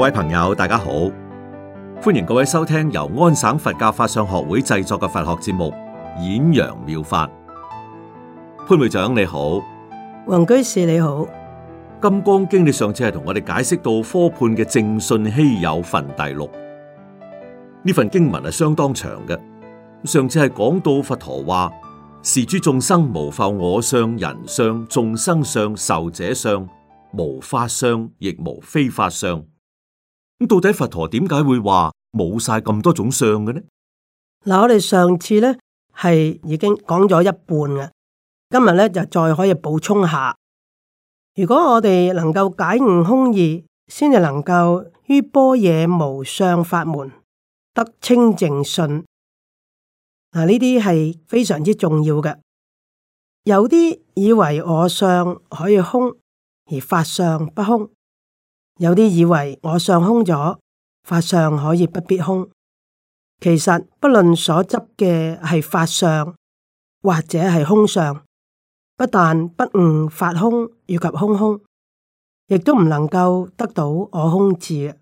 各位朋友，大家好，歡迎各位收聽由安省佛教法相學會製作嘅佛學節目《演揚妙法》。潘會長你好，黃居士你好。金剛經，呢上次係同我哋解釋到科判嘅正信稀有分第六，呢份經文係相當長嘅。上次係講到佛陀話：是諸眾生無復我相、人相、眾生相、受者相，無法相，亦無非法相。咁到底佛陀點解會話冇晒咁多種相嘅呢？嗱，我哋上次咧係已經講咗一半啦，今日咧就再可以補充下。如果我哋能夠解悟空義，先至能夠於般若無相法門得清淨信。嗱、啊，呢啲係非常之重要嘅。有啲以為我相可以空，而法相不空。有啲以為我相空咗，法相可以不必空。其實不論所執嘅係法相或者係空相，不但不悟法空以及空空，亦都唔能夠得到我空智。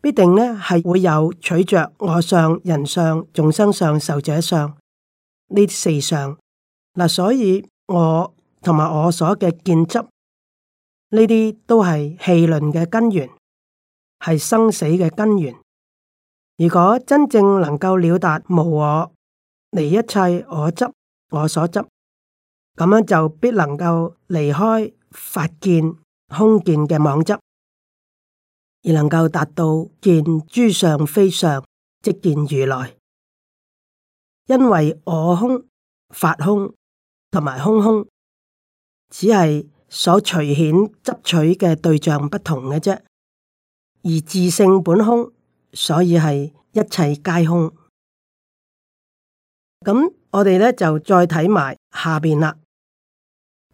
必定呢係會有取着我相、人相、眾生相、壽者相呢四相。嗱，所以我同埋我所嘅見執。呢啲都係氣論嘅根源，係生死嘅根源。如果真正能夠了達無我，離一切我執我所執，咁樣就必能夠離開法見空見嘅網執，而能夠達到見諸上非上，即見如來。因為我空法空同埋空空，只係。所隨顯執取嘅對象不同嘅啫，而自性本空，所以係一切皆空。咁我哋咧就再睇埋下邊啦。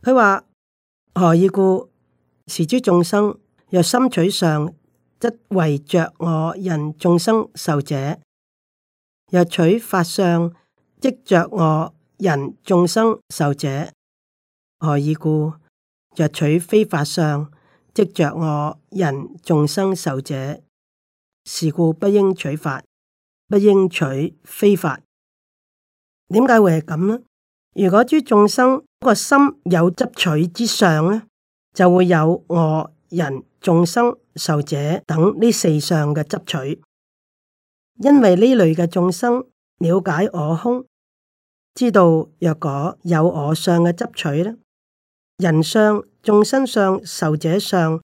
佢話何以故？是諸眾生若心取相，則為着我人眾生壽者；若取法相，即着我人眾生壽者。何以故？若取非法相，即着我人眾生受者，是故不應取法，不應取非法。點解會係咁呢？如果諸眾生個心有執取之相呢，就會有我人眾生受者等呢四相嘅執取。因為呢類嘅眾生了解我空，知道若果有我相嘅執取呢？人相、眾生相、壽者相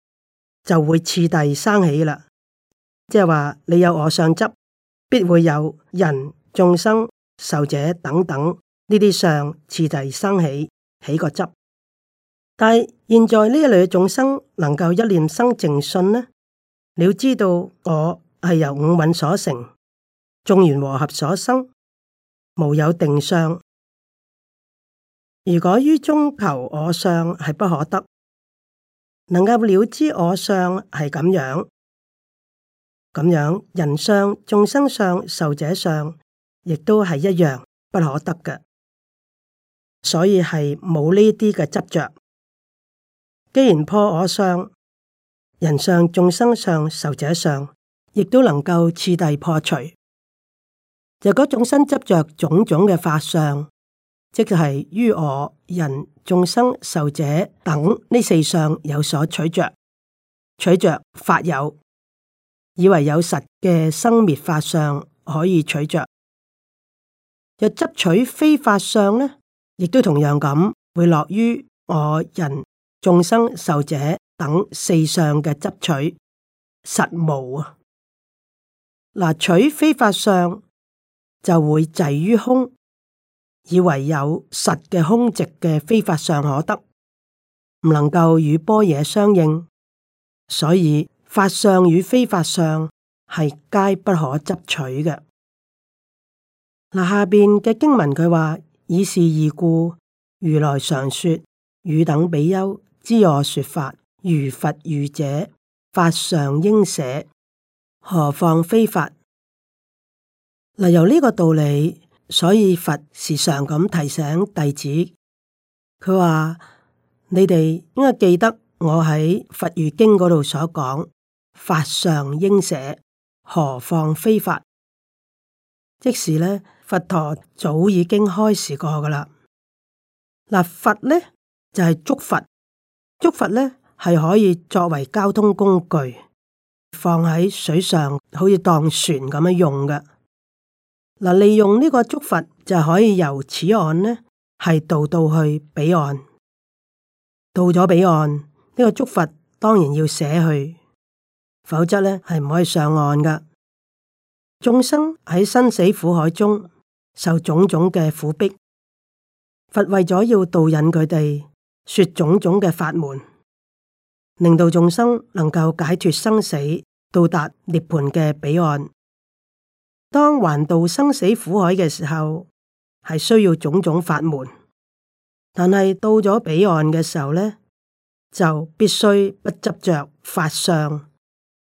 就會次第生起啦，即係話你有我相執，必會有人、眾生、壽者等等呢啲相次第生起，起個執。但係現在呢一類嘅眾生能夠一念生淨信呢？你要知道我係由五蘊所成，眾緣和合所生，無有定相。如果於中求我相係不可得，能夠了知我相係咁樣，咁樣人相、眾生相、壽者相，亦都係一樣不可得嘅。所以係冇呢啲嘅執着。既然破我相，人相、眾生相、壽者相，亦都能夠次第破除。若果眾生執着種種嘅法相。即係於我人眾生壽者等呢四相有所取着，取着法有，以為有實嘅生滅法相可以取着，若執取非法相呢，亦都同樣咁會落於我人眾生壽者等四相嘅執取實無啊！嗱，取非法相就會滯於空。以為有實嘅空寂嘅非法相可得，唔能夠與般若相應，所以法相與非法相係皆不可執取嘅。嗱，下邊嘅經文佢話：以是義故，如來常說，汝等比丘知我說法，如筏喻者，法尚應捨，何況非法？嗱，由呢個道理。所以佛時常咁提醒弟子，佢話：你哋應該記得我喺《筏喻經》嗰度所講，法上應捨，何況非法。即時呢，佛陀早已經開示過噶啦。嗱，筏呢，就係、是、竹筏，竹筏呢，係可以作為交通工具，放喺水上，好似當船咁樣用嘅。嗱，利用呢個竹筏就可以由此岸呢，係渡到去彼岸。到咗彼岸，呢、這個竹筏當然要捨去，否則呢，係唔可以上岸噶。眾生喺生死苦海中受種種嘅苦逼，佛為咗要導引佢哋說種種嘅法門，令到眾生能夠解脫生死，到達涅槃嘅彼岸。當還渡生死苦海嘅時候，係需要種種法門，但係到咗彼岸嘅時候咧，就必須不執着法相，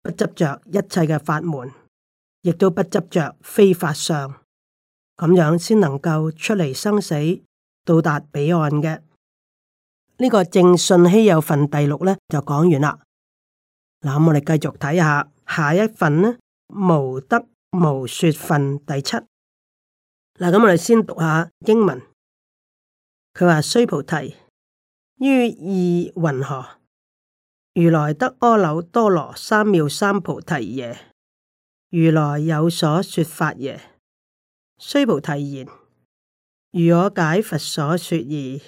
不執着一切嘅法門，亦都不執着非法相，咁樣先能夠出嚟生死，到達彼岸嘅。呢、這個正信希有份第六咧就講完啦。嗱，我哋繼續睇下下一份呢無得。無說分第七，嗱咁我哋先讀下經文。佢話須菩提於意云何？如來得阿耨多羅三藐三菩提耶？如來有所說法耶？須菩提言：如我解佛所說義，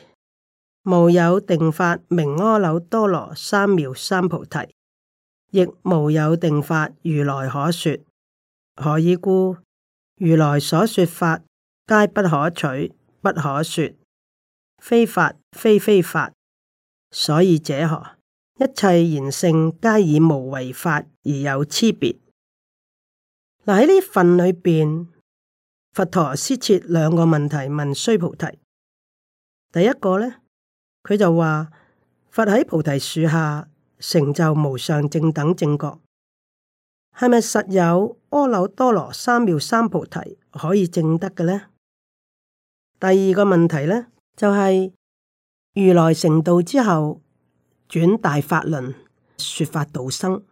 無有定法名阿耨多羅三藐三菩提，亦無有定法如來可說。何以故？如來所說法，皆不可取，不可說，非法，非非法。所以者何？一切賢聖，皆以無為法而有差別。嗱，喺呢份裏邊，佛陀先設兩個問題問須菩提。第一個呢，佢就話：佛喺菩提樹下成就無上正等正覺。係咪實有阿耨多羅三藐三菩提可以證得嘅呢？第二個問題呢，就係、是、如來成道之後轉大法輪說法度生，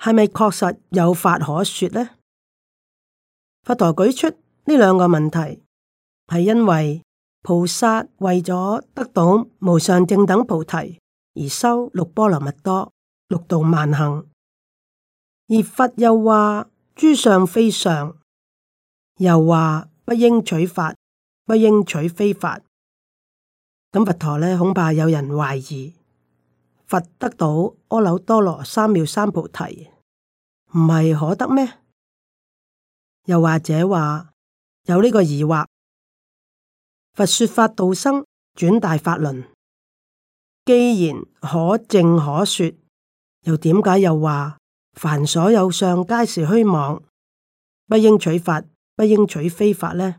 係咪確實有法可說呢？佛陀舉出呢兩個問題，係因為菩薩為咗得到無上正等菩提而修六波羅蜜多六度萬行。而佛又話諸上非上，又話不應取法，不應取非法。咁佛陀呢，恐怕有人懷疑佛得到阿耨多羅三藐三菩提，唔係可得咩？又或者話有呢個疑惑，佛說法度生，轉大法輪，既然可證可說，又點解又話？凡所有相，皆是虛妄，不應取法，不應取非法呢？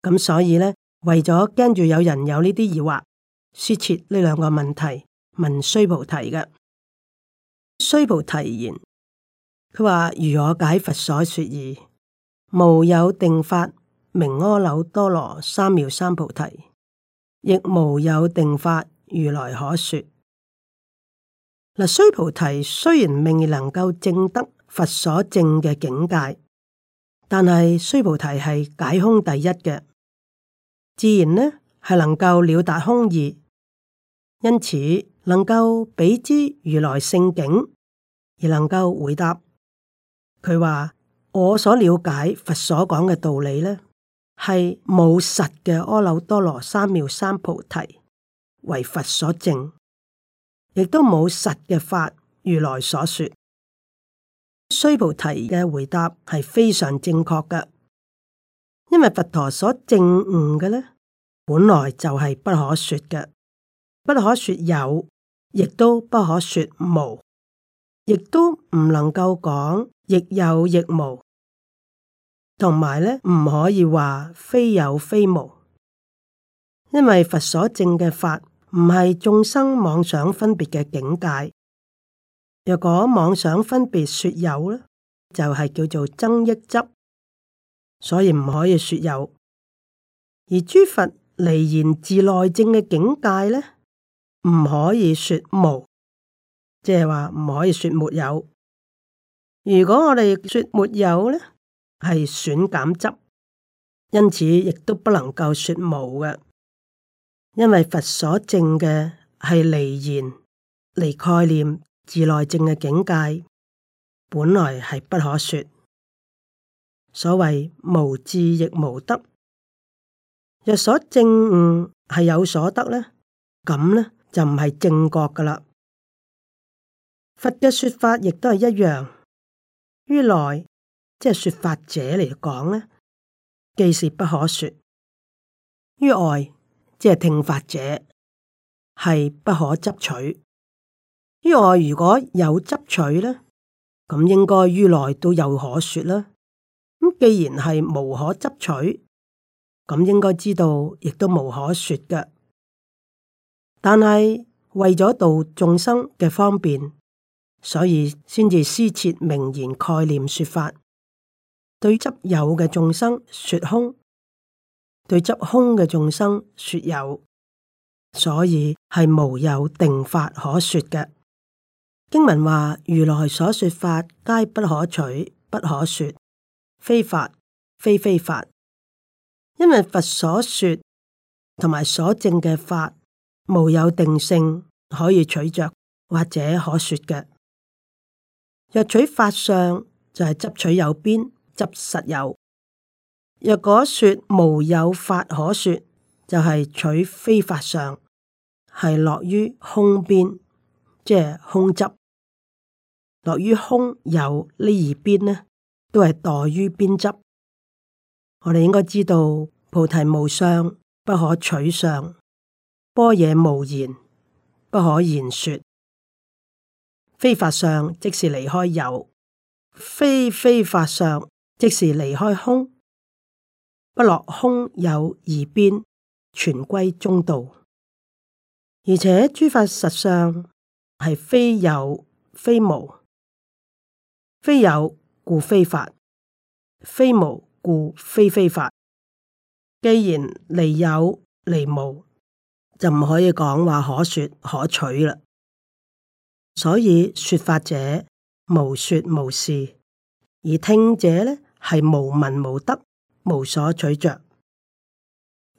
咁所以呢，為咗驚住有人有呢啲疑惑，說切呢兩個問題，問須菩提嘅。須菩提言：佢話如我解佛所說義，無有定法名阿耨多羅三藐三菩提，亦無有定法如來可說。嗱，須菩提雖然未能夠證得佛所證嘅境界，但係須菩提係解空第一嘅，自然呢係能夠了達空義，因此能夠比之如來聖境，而能夠回答佢話我所了解佛所講嘅道理呢，係冇實嘅阿耨多羅三藐三菩提為佛所證。亦都冇實嘅法，如來所說，須菩提嘅回答係非常正確嘅，因為佛陀所證悟嘅咧，本來就係不可說嘅，不可說有，亦都不可說無，亦都唔能夠講亦有亦無，同埋咧唔可以話非有非無，因為佛所證嘅法，唔係眾生妄想分別嘅境界。若果妄想分別說有咧，就係、是、叫做增益執，所以唔可以說有。而諸佛離言自內證嘅境界咧，唔可以說無，即係話唔可以說沒有。如果我哋說沒有咧，係損減執，因此亦都不能夠說無嘅。因為佛所證嘅係離言、離概念、自內證嘅境界，本來係不可說。所謂無智亦無得，若所證悟係有所得呢，咁呢就唔係正覺㗎喇。佛嘅說法亦都係一樣，於內即係說法者嚟講呢，既是不可說；於外。即係聽法者係不可執取，因為如果有執取咧，咁應該於來都有可說啦。咁既然係無可執取，咁應該知道亦都無可說嘅。但係為咗度眾生嘅方便，所以先至施設名言概念說法，對執有嘅眾生說空。對執空嘅眾生說有，所以係無有定法可說嘅。經文話：如來所說法，皆不可取，不可說，非法，非非法。因為佛所說同埋所證嘅法，無有定性可以取着或者可說嘅。若取法相，就係、是、執取有邊，執實有。若果說無有法可說，就係、是、取非法相，係落於空邊，即係空執，落於空有呢二邊呢，都係墮於邊執。我哋應該知道菩提無相，不可取相；般若無言，不可言說。非法相即是離開有，非非法相即是離開空。不落空有二邊，全歸中道。而且諸法實相係非有非無，非有故非法，非無故非非法。既然離有離無，就唔可以講話可說可取啦。所以說法者無說無示，而聽者呢係無聞無得。無所取着，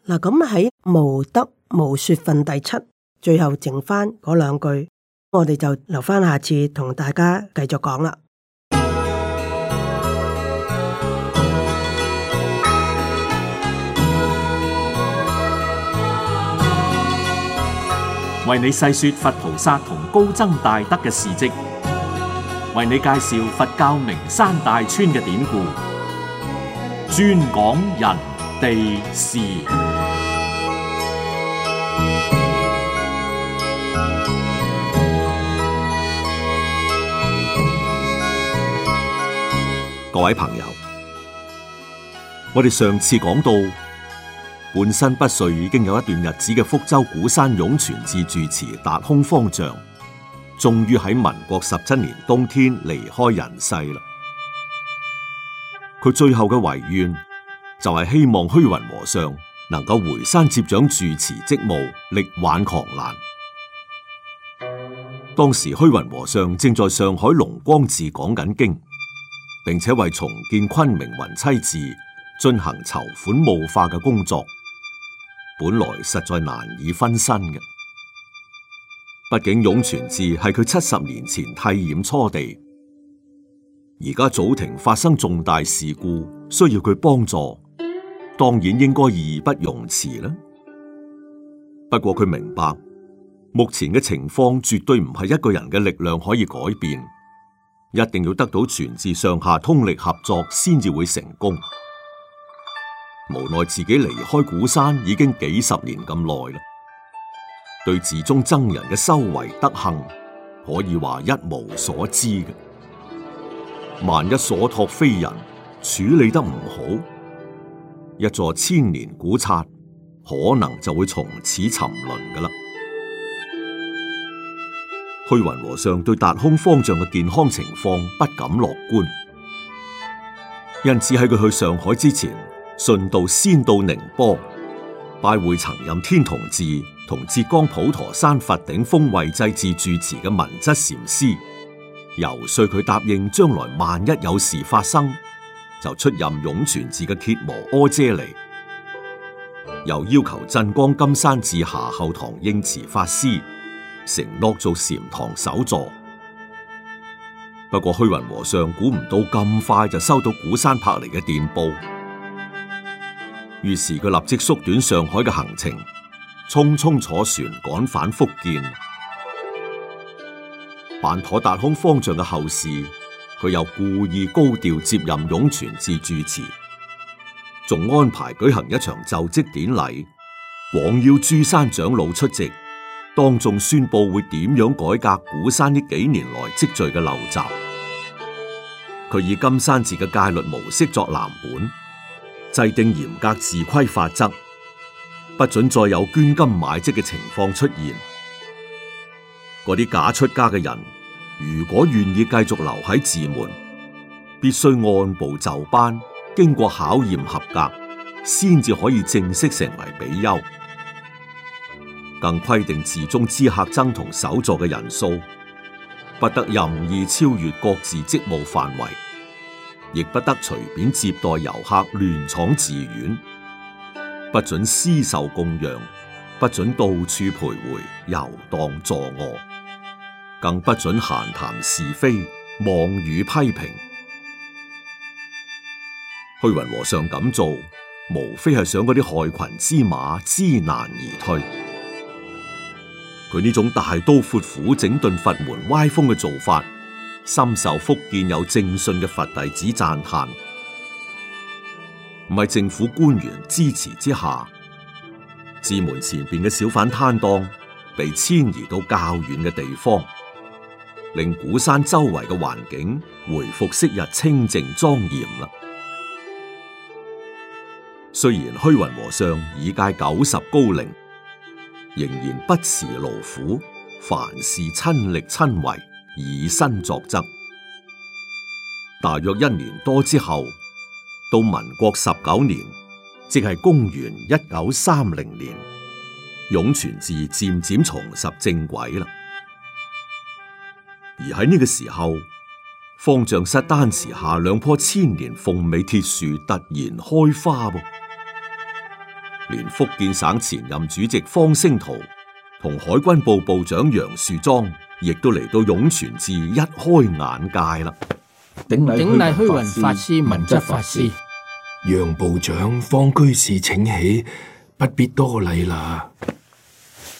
嗱，咁喺無得無說分第七，最後剩翻嗰兩句，我哋就留翻下，下次同大家繼續講啦。為你細說佛菩薩同高僧大德嘅事跡，為你介紹佛教名山大川嘅典故。專講人地事，各位朋友，我哋上次講到半身不遂已經有一段日子嘅福州鼓山湧泉寺住持達空方丈，終於喺民國十七年冬天離開人世啦。佢最後嘅遺願就係希望虛雲和尚能夠回山接掌住持職務，力挽狂瀾。當時虛雲和尚正在上海龍光寺講緊經，並且為重建昆明雲棲寺進行籌款募化嘅工作，本來實在難以分身嘅。畢竟湧泉寺係佢七十年前剃染初地。而家祖庭發生重大事故，需要佢幫助，當然應該義不容辭啦。不過佢明白，目前嘅情況絕對唔係一個人嘅力量可以改變，一定要得到全寺上下通力合作先至會成功。無奈自己離開古山已經幾十年咁耐啦，對寺中僧人嘅修為德行，可以話一無所知嘅。萬一所託非人，處理得唔好，一座千年古剎可能就會從此沉淪噶啦。虛雲和尚對達空方丈嘅健康情況不敢樂觀，因此喺佢去上海之前，順道先到寧波拜會曾任天童寺同浙江普陀山佛頂峰慧濟寺住持嘅文質禪師。遊說佢答應將來萬一有事發生，就出任湧泉寺嘅鐵磨柯姐嚟；又要求鎮江金山寺下後堂應慈法師承諾做禪堂首座。不過虛雲和尚估唔到咁快就收到鼓山拍嚟嘅電報，於是佢立即縮短上海嘅行程，匆匆坐船趕返福建。辦妥達空方丈嘅後事，佢又故意高調接任湧泉寺主持，仲安排舉行一場就職典禮，廣邀諸山長老出席，當衆宣布會點樣改革古山呢幾年來積聚嘅陋習。佢以金山寺嘅戒律模式作藍本，制定嚴格自規法則，不准再有捐金買職嘅情況出現。嗰啲假出家嘅人，如果願意繼續留喺寺門，必須按部就班，經過考驗合格，先至可以正式成為比丘。更規定寺中知客僧同首座嘅人數，不得任意超越各自職務範圍，亦不得隨便接待遊客亂闖寺院，不准私受供養，不准到處徘徊遊蕩作惡。更不准閒談是非、妄語批評。虛雲和尚咁做，無非係想嗰啲害群之馬知難而退。佢呢種大刀闊斧整頓佛門歪風嘅做法，深受福建有正信嘅佛弟子讚嘆。唔係政府官員支持之下，寺門前邊嘅小販攤檔被遷移到較遠嘅地方。令鼓山周圍嘅環境回復昔日清靜莊嚴啦。雖然虛雲和尚已屆九十高齡，仍然不辭勞苦，凡事親力親為，以身作則。大約一年多之後，到民國十九年，即係公元一九三零年，湧泉寺漸漸重拾正軌啦。而喺呢個時候，方丈室丹墀下兩棵千年鳳尾鐵樹突然開花噃，連福建省前任主席方聲濤同海軍部部長楊樹莊，亦都嚟到湧泉寺一開眼界啦。頂禮虛雲法師、文則法師，楊部長、方居士，請起，不必多禮啦。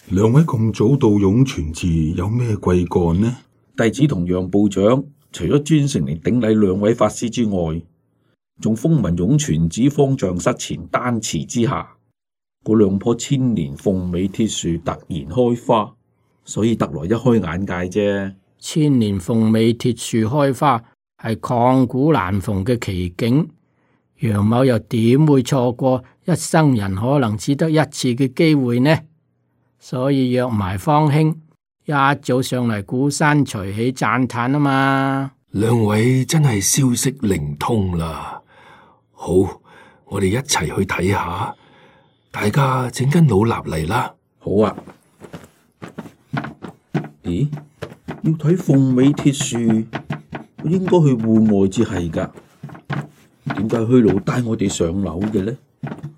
兩位咁早到湧泉寺，有咩貴幹呢？弟子同楊部長除咗專程嚟頂禮兩位法師之外，仲風聞湧泉寺方丈室前丹池之下，嗰兩棵千年鳳尾鐵樹突然開花，所以特來一開眼界啫。千年鳳尾鐵樹開花係曠古難逢嘅奇景，楊某又點會錯過一生人可能只得一次嘅機會呢？所以約埋方兄。一早上嚟鼓山隨喜讚嘆啊嘛！兩位真係消息靈通啦，好，我哋一齊去睇下。大家請跟老衲嚟啦。好啊。咦？要睇鳳尾鐵樹，應該去戶外至係噶。點解虛老帶我哋上樓嘅咧？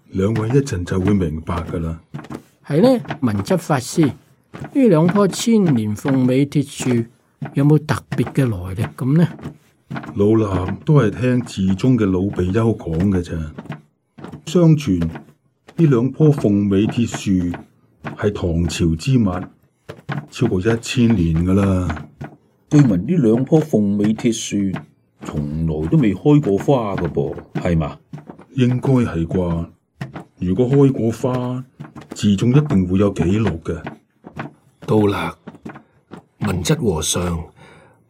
兩位一陣就會明白噶啦。係咧，文質法師。呢兩棵千年鳳尾鐵樹有冇特別嘅來歷咁呢？老衲都係聽寺中嘅老比丘講嘅啫。相傳呢兩棵鳳尾鐵樹係唐朝之物，超過一千年噶啦。據聞呢兩棵鳳尾鐵樹從來都未開過花噶噃，係嘛？應該係啩？如果開過花，寺中一定會有記錄嘅。到啦，文質和尚，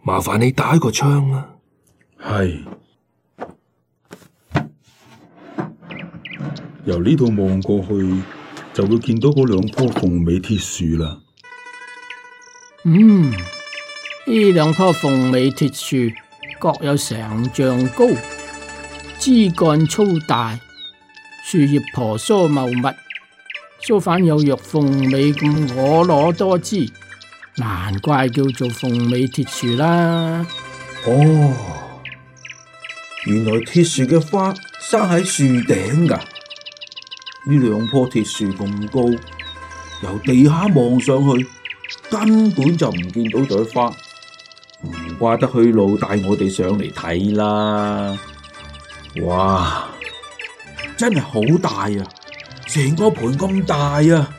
麻煩你打個槍啊。係。由呢度望過去，就會見到嗰兩棵鳳尾鐵樹啦。嗯，呢兩棵鳳尾鐵樹各有成丈高，枝幹粗大，樹葉婆娑茂，茂密。相反，有若鳳尾咁婀娜多姿。難怪叫做鳳尾鐵樹啦。哦，原來鐵樹嘅花生喺樹頂噶、啊，呢兩棵鐵樹咁高，由地下望上去根本就唔見到朵花，唔怪得去路帶我哋上嚟睇啦。哇，真係好大啊！成個盤咁大啊！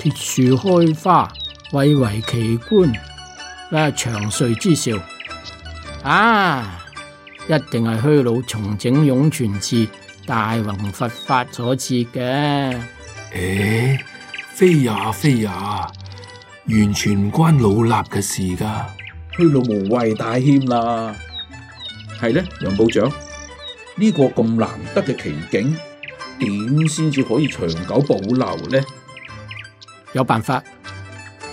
鐵樹開花，蔚為奇觀，啊祥瑞之兆啊！一定係虛老重整湧泉寺，大宏佛法所賜嘅。誒，非也非也，完全唔關老衲嘅事噶。虛老無謂大謙啦，係咧楊部長，呢個咁難得嘅奇景。點先至可以長久保留呢？有辦法，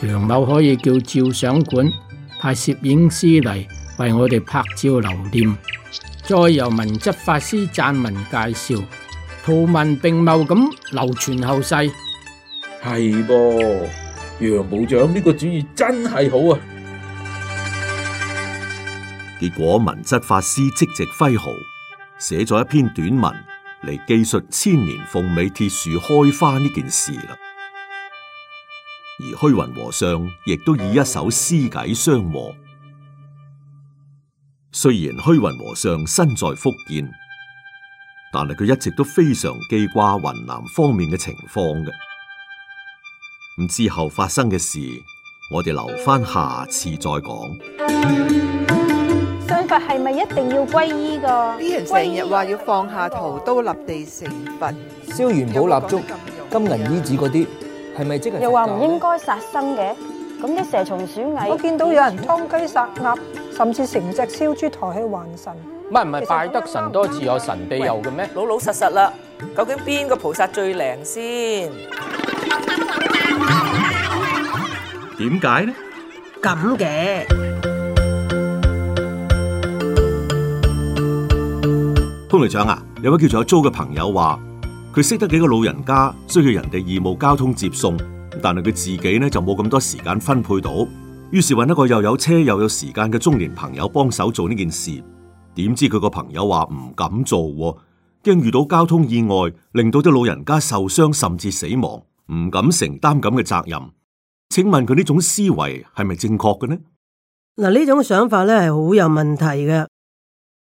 楊某可以叫照相館派攝影師嚟為我哋拍照留念，再由文執法師撰文介紹，圖文並茂咁流傳後世。係噃，楊部長呢個主意真係好啊！結果文執法師即席揮毫，寫咗一篇短文。嚟記述千年鳳尾鐵樹開花呢件事啦，而虛雲和尚亦都以一首詩偈相和。雖然虛雲和尚身在福建，但係佢一直都非常記掛雲南方面嘅情況嘅。咁之後發生嘅事，我哋留翻下次再講。係咪一定要皈依㗎？啲人成日話要放下屠刀立地成佛，燒元寶蠟燭、金銀衣紙嗰啲，係咪即係？又話唔應該殺生嘅，咁啲蛇蟲鼠蟻，我見到有人劏雞殺鴨，甚至成隻燒豬抬去還神。唔係唔係，拜得神多自有神庇佑嘅咩？老老實實啦，究竟邊個菩薩最靈先？點解呢？咁嘅。通路長啊，有位叫做阿租嘅朋友話，佢識得幾個老人家需要人哋義務交通接送，但係佢自己咧就冇咁多時間分配到，於是揾一個又有車又有時間嘅中年朋友幫手做呢件事。點知佢個朋友話唔敢做啊，驚遇到交通意外令到啲老人家受傷甚至死亡，唔敢承擔咁嘅責任。請問佢呢種思維係咪正確嘅呢？嗱，呢種想法咧係好有問題嘅。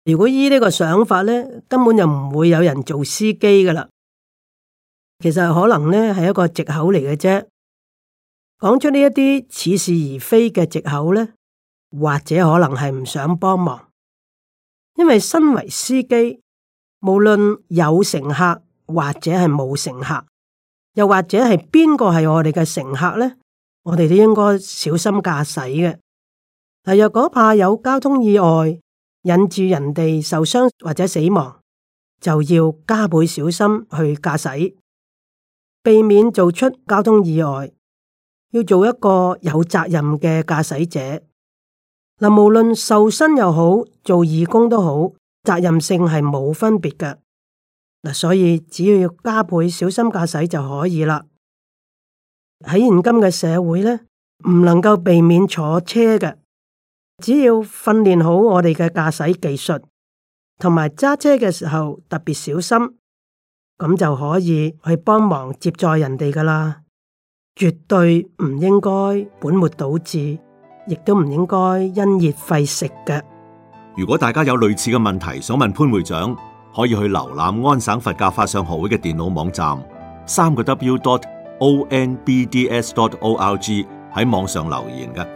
如果依呢個想法咧，根本就唔會有人做司機噶啦。其實可能咧係一個藉口嚟嘅啫，講出呢一啲似是而非嘅藉口咧，或者可能係唔想幫忙。因為身為司機，無論有乘客或者係冇乘客，又或者係邊個係我哋嘅乘客咧，我哋都應該小心駕駛嘅。但，若果怕有交通意外。引住人哋受傷或者死亡，就要加倍小心去駕駛，避免做出交通意外。要做一個有責任嘅駕駛者。嗱，無論受身又好，做義工都好，責任性係冇分別嘅。嗱，所以只要要加倍小心駕駛就可以啦。喺現今嘅社會咧，唔能夠避免坐車嘅。只要訓練好我哋嘅駕駛技術，同埋揸車嘅時候特別小心，咁就可以去幫忙接載人哋噶啦。絕對唔應該本末倒置，亦都唔應該因噎廢食嘅。如果大家有類似嘅問題想問潘會長，可以去瀏覽安省佛教法相學會嘅電腦網站，三個 W dot O N B D S dot O R G 喺網上留言嘅。